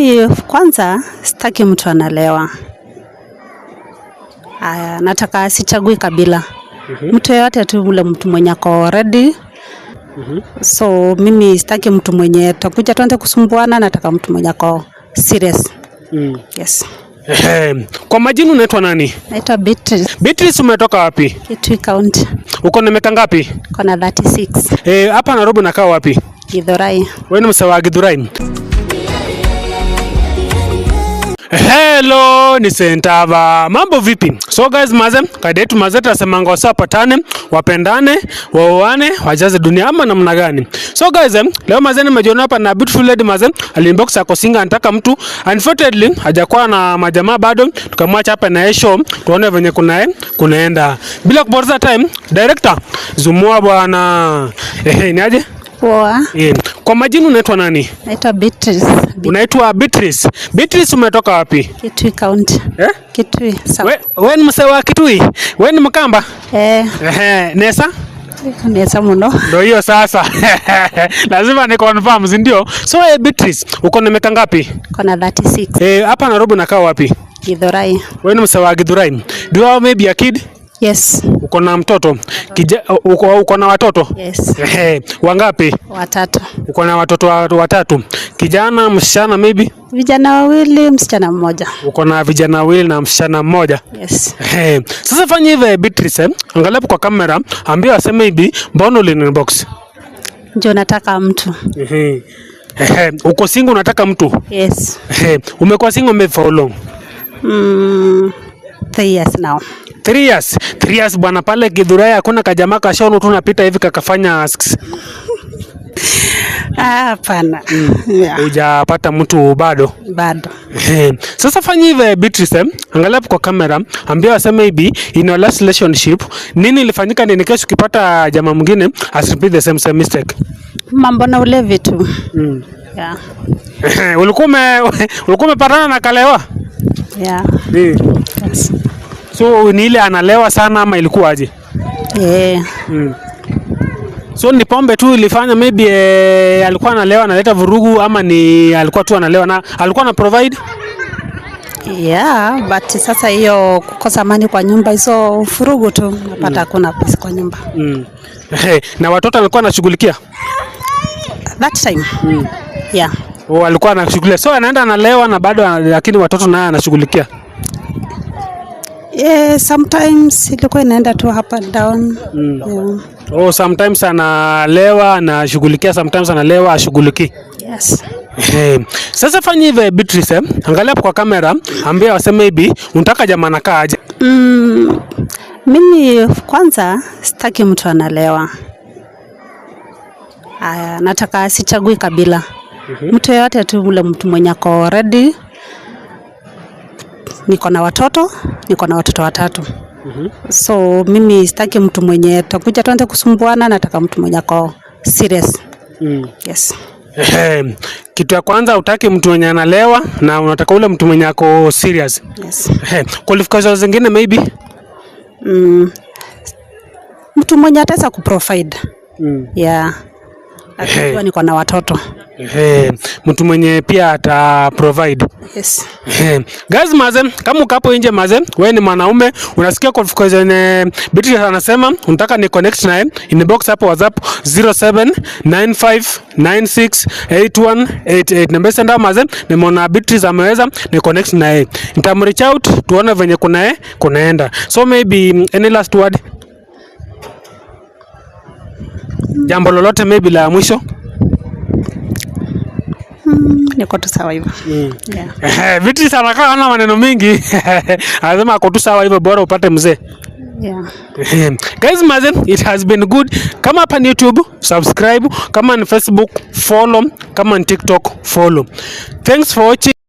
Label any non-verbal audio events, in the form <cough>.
Mimi kwanza sitaki mtu analewa. Aya, nataka sichagui kabila. mm -hmm. Mtu yeyote tu ule mtu mwenye ako ready. mm -hmm. So mimi sitaki mtu mwenye takuja tuanze kusumbuana, nataka mtu mwenye ako serious. mm. Yes. Kwa majina unaitwa nani? Naitwa Beatrice. Beatrice, umetoka wapi? Kitui County. Uko na miaka ngapi? Uko na 36. Eh, hapa Nairobi unakaa wapi? Githurai. Wewe ni msewa wa Githurai? Hello, ni Sentava. Mambo vipi? So guys, maze kadetu maze tasemanga wasapatane, wapendane, waoane, wajaze dunia ama namna gani? So guys, eh, leo maze nimejiona hapa na beautiful lady maze, alinbox ako singa anataka mtu. Unfortunately, hajakuwa na majamaa bado, tukamwacha hapa na show, tuone venye kunae eh, kunaenda. Bila kupoteza time, director, zumua bwana. Ehe, ni aje? Poa. Yeah. Kwa majina unaitwa nani? Naitwa Beatrice. Unaitwa Beatrice. Beatrice umetoka wapi? Kitui County. Eh? Kitui. Sawa. Wewe ni mse wa Kitui? Wewe ni Mkamba? Eh. Eh, Nesa? Nesa mno. Ndio hiyo sasa. <laughs> Lazima ni confirm, si ndio? So eh, Beatrice, uko na miaka ngapi? Uko na 36. Eh, hapa Nairobi unakaa wapi? Githurai. Wewe ni mse wa Githurai. Do you have maybe a kid? Yes. Uko na mtoto? Kija, uko, uko na watoto? Yes. Hey, wangapi? Watatu. Uko na watoto watatu. Kijana, msichana maybe? Vijana wawili, msichana mmoja. Uko na vijana wawili na msichana mmoja? Yes. Hey, Sasa fanya hivi Beatrice, angalia kwa kamera, ambia aseme hivi, mbona ulinibox? Ndio nataka mtu. Ehe. Ehe, uko single unataka mtu? Yes. Hey, umekuwa single for how long? Mm, three years now. Three years. Three years bwana, pale Githurai hakuna kajamaa kashaona tu napita hivi kakafanya asks. Ah, hapana. Hujapata mm. Yeah. mtu bado? Bado. Sasa fanya hivi Beatrice, eh? angalia kwa kamera, ambia waseme hivi in your last relationship nini ilifanyika nini kesho ukipata jamaa mwingine asirepeat the same same mistake. Mambo na ulevi tu. Mm. Yeah. <laughs> Ulikuwa umepatana na kalewa? Yeah. Mm. Yes. So ni ile analewa sana ama ilikuwaje? Yeah. Mm. So ni pombe tu ilifanya maybe eh, alikuwa analewa analeta vurugu ama ni alikuwa tu analewa na alikuwa na provide? Yeah, but sasa hiyo kukosa amani kwa nyumba hizo furugu tu napata, hmm. hakuna pesa kwa nyumba mm. Hey, <laughs> na watoto alikuwa anashughulikia that time mm. Yeah. Oh, alikuwa anashughulikia so anaenda analewa na bado, lakini watoto naye anashughulikia Yeah, sometimes ilikuwa inaenda tu up and down. Mm. Yeah. Oh, sometimes analewa anashughulikia, sometimes analewa ashughuliki. Yes. Hey. Sasa fanya hivi Beatrice, eh? Angalia kwa kamera, ambia waseme hivi, unataka jamaa nakaa aje? Mm. Mimi kwanza sitaki mtu analewa. Aya, nataka sichagui kabila. Mm -hmm. Mtu yote tu ule mtu mwenye ako ready niko na watoto, niko na watoto watatu. mm -hmm. So mimi sitaki mtu mwenye takuja tuanze kusumbuana, nataka mtu mwenye ako serious. mm. Yes. Kitu ya kwanza utaki mtu mwenye analewa na unataka ule mtu mwenye ako serious. Yes. Qualifications zingine maybe? Mm. Mtu mwenye ataweza kuprovide. Mm. Yeah akiwa niko na watoto. Ehe, mtu mwenye pia ata provide. Yes. Ehe. Guys maze, kama uko hapo nje maze, wewe ni mwanaume, unasikia confusion eh, Beatrice anasema unataka ni connect naye, inbox hapo WhatsApp 0795968188. Na mbesa ndio maze, nimeona Beatrice ameweza ni connect naye. Nitamreach out tuone venye kuna kunaenda. So maybe any last word Jambo lolote maybe la mwisho? Hmm, niko tu sawa hivyo. Mm. <laughs> vitu sana kwa ana maneno mingi. <laughs> Anasema ako tu sawa hivyo bora upate mzee. Yeah. <laughs> Guys, mazen, it has been good. Kama hapa ni YouTube, subscribe. Kama ni Facebook, follow. Kama ni TikTok, follow. Thanks for watching.